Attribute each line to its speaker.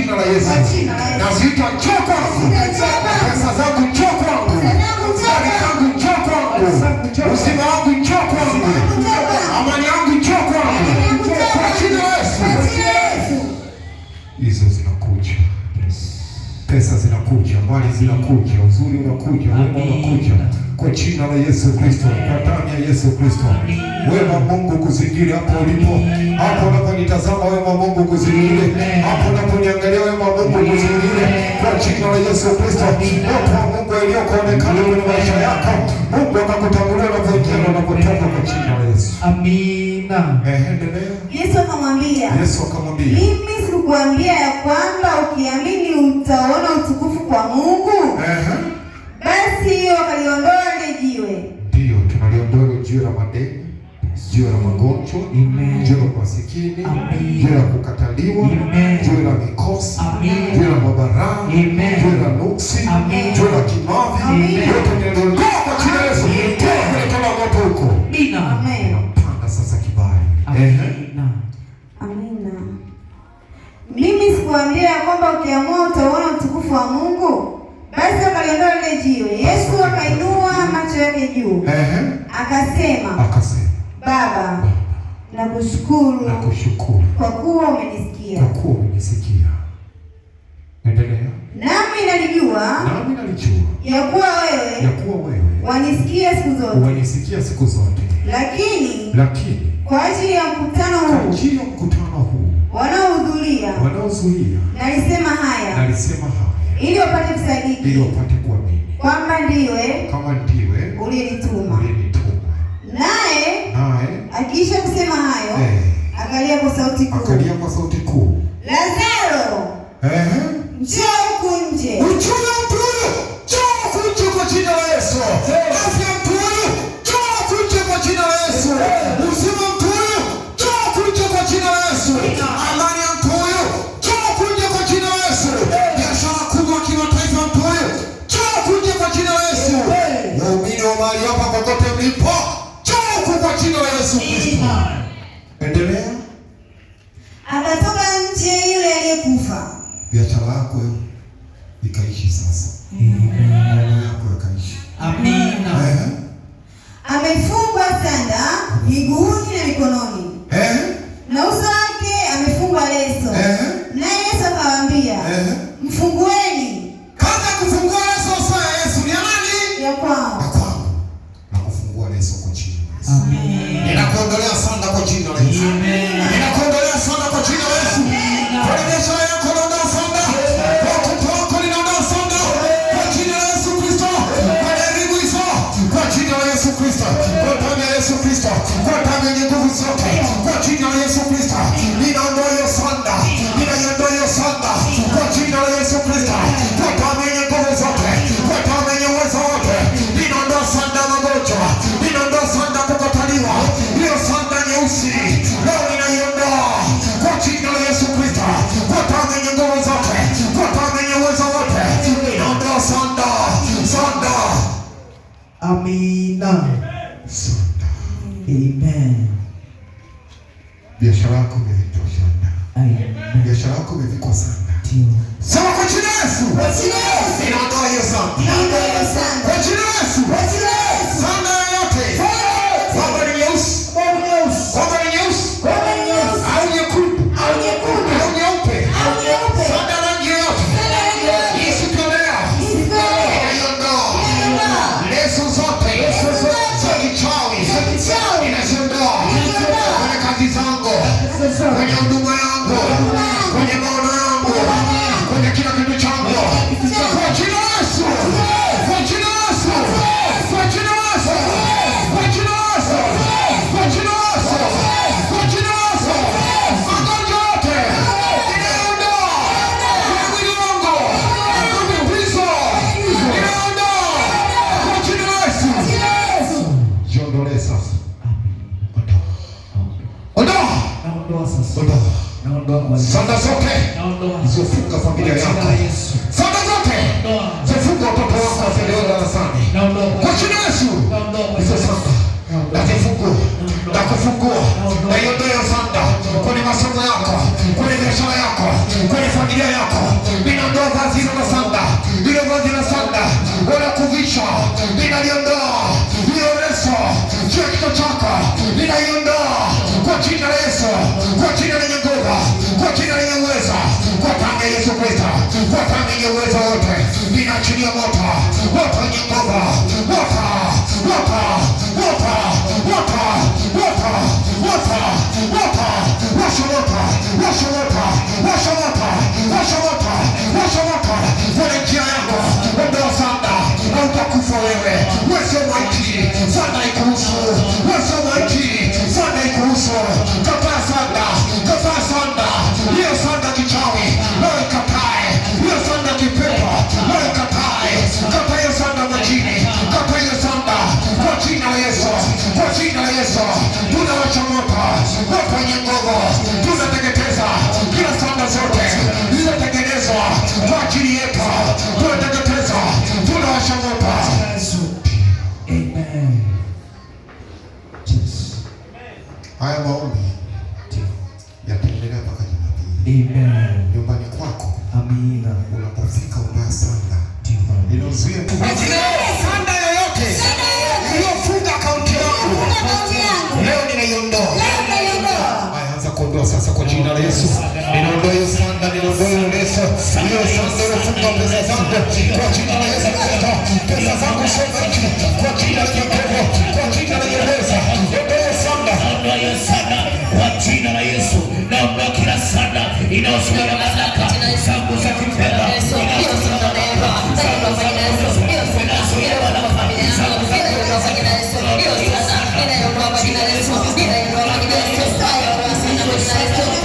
Speaker 1: jina la Yesu, naziita njoo pesa zangu njoo kwangu, mali zangu njoo kwangu, uzima wangu njoo amani yangu njoo kwa jina la Yesu. Hizo zinakuja, pesa zinakuja, mali zinakuja, uzuri unakuja, wema unakuja kwa jina la Yesu Kristo, kwa damu ya Yesu Kristo. Wema Mungu kuzingire hapo ulipo, hapo unaponitazama, wema Mungu kuzingire hapo unaponiangalia, wema Mungu kuzingire kwa jina la Yesu Kristo. Watu wa Mungu aliyokuonekana kwenye maisha yako, Mungu akakutangulia na kuingia na kutoka kwa jina la Yesu,
Speaker 2: amina.
Speaker 3: Yesu akamwambia,
Speaker 1: Yesu akamwambia,
Speaker 3: mimi sikuambia ya kwamba ukiamini utaona utukufu kwa Mungu? Ehe hiyo wakaliondoa ile jiwe.
Speaker 1: Ndio, tunaliondoa jiwe la madeni, jiwe la magonjwa, jiwe la masikini, jiwe la kukataliwa, jiwe la mikosi, jiwe la mabaraa,
Speaker 2: jiwe
Speaker 1: la nuksi, jiwe la kimavi, yote tunaliondoa kwa jina la Yesu. Toa moto huko.
Speaker 3: Amina.
Speaker 1: Panda sasa kibali.
Speaker 2: Amina.
Speaker 3: Amina. Mimi sikuambia kwamba ukiamua utaona utukufu wa Mungu. Basi akaliona lile jiwe. Yesu akainua macho yake juu akasema, akasema Baba, nakushukuru
Speaker 1: nakushukuru
Speaker 3: kwa kuwa umenisikia,
Speaker 1: kwa kuwa umenisikia. Endelea.
Speaker 3: Nami nalijua nami nalijua ya kuwa wewe ya kuwa wewe wanisikia siku zote
Speaker 1: wanisikia siku zote,
Speaker 3: lakini lakini kwa ajili ya mkutano huu
Speaker 1: kwa ajili ya mkutano huu
Speaker 3: wanaohudhuria
Speaker 1: wanaohudhuria,
Speaker 3: nalisema haya
Speaker 1: nalisema haya
Speaker 3: ili upate kusadiki,
Speaker 1: ili upate kuamini
Speaker 3: kwamba ndiwe
Speaker 1: kama ndiwe
Speaker 3: uliyenituma. Naye naye akiisha kusema hayo eh, akalia kwa sauti kuu,
Speaker 1: akalia kwa sauti kuu,
Speaker 3: Lazaro, eh, njoo huku nje.
Speaker 2: Yesu mzima.
Speaker 1: Endelea.
Speaker 3: Akatoka nje yule aliyekufa.
Speaker 1: Biashara yako ikaishi sasa.
Speaker 2: Ndoa yako ikaishi. Amina.
Speaker 3: Amefungwa sanda miguuni na mikononi
Speaker 1: Yesu kwa jina ninakuondolea sanda kwa jina la Yesu,
Speaker 2: Amen.
Speaker 1: ninakuondolea sanda kwa jina la Yesu. Kwa biashara yako naondoa sanda, kwa watoto wako ninaondoa sanda kwa jina la Yesu Kristo, kwa elimu hizo kwa jina la Yesu Kristo, kwa damu ya Yesu Kristo, kwa damu yenye nguvu zote kwa jina la Yesu Kristo.
Speaker 2: Amina. Amen.
Speaker 1: Biashara yako imevikwa Amen. Biashara yako imevikwa sana. Ndio. Sema kwa jina la Yesu.
Speaker 3: Kwa jina la Yesu.
Speaker 1: Inaondoa hiyo sana.
Speaker 3: Inaondoa hiyo
Speaker 1: kwenye familia yako, ninaliondoa vazi hilo la sanda, hilo vazi la sanda wala kuvisha, ninaliondoa hiyo leso juu ya kichwa chako, ninaiondoa kwa jina la Yesu, kwa jina lenye nguvu, kwa jina lenye uweza, kwa damu ya Yesu Kristo, kwa damu yenye uweza wote, ninaachilia moto, moto wenye nguvu, moto, moto, moto, moto, moto, moto, moto, moto, moto, moto nyumbani kwako unapofika unaa sanda inazuia tu sanda yoyote iliyofunga akaunti yangu leo ninaiondoa. Anza kuondoa sasa kwa jina la Yesu, ninaondoa hiyo sanda, ninaondoa hiyo leso, hiyo sanda iliyofunga pesa zangu kwa jina la Yesu pesa zangu sasa kwa jina la Yekovo, kwa jina la Yesu, ondoa sanda kwa jina la Yesu na inayosimama mamlaka zangu za kifedha, inayosimama mamlaka zangu za kifedha, inayosimama mamlaka zangu za kifedha, inayosimama mamlaka zangu za kifedha